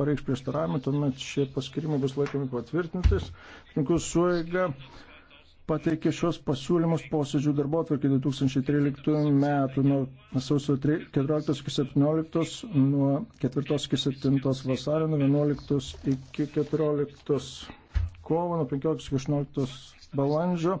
pareikš prieštaravimą, tuomet šie paskirimai bus laikomi patvirtintais. Rinkų suėga pateikė šios pasiūlymus posėdžių darbo atvarkį 2013 metų nuo sausio 14 iki 17, nuo 4 iki 7 vasario, nuo 11 iki 14 kovo, nuo 15 iki 18 balandžio.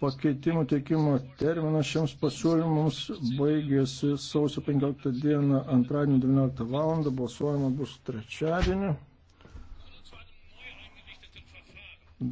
Pakeitimų teikimo terminas šiems pasiūlymams baigėsi sausio 15 dieną antradienį 19 val. Balsuojama bus trečiadienį.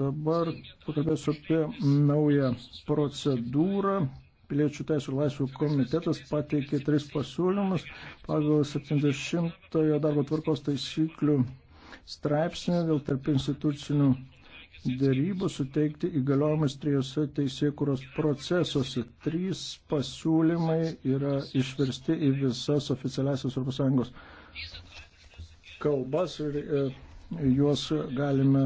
Dabar pakalbėsiu apie naują procedūrą. Piliečių teisų ir laisvių komitetas pateikė tris pasiūlymus pagal 70 darbo tvarkos taisyklių straipsnį dėl tarp institucinių dėrybų suteikti įgaliojimus trijose teisėkuros procesuose. Trys pasiūlymai yra išversti į visas oficialiasias ES kalbas ir e, juos galime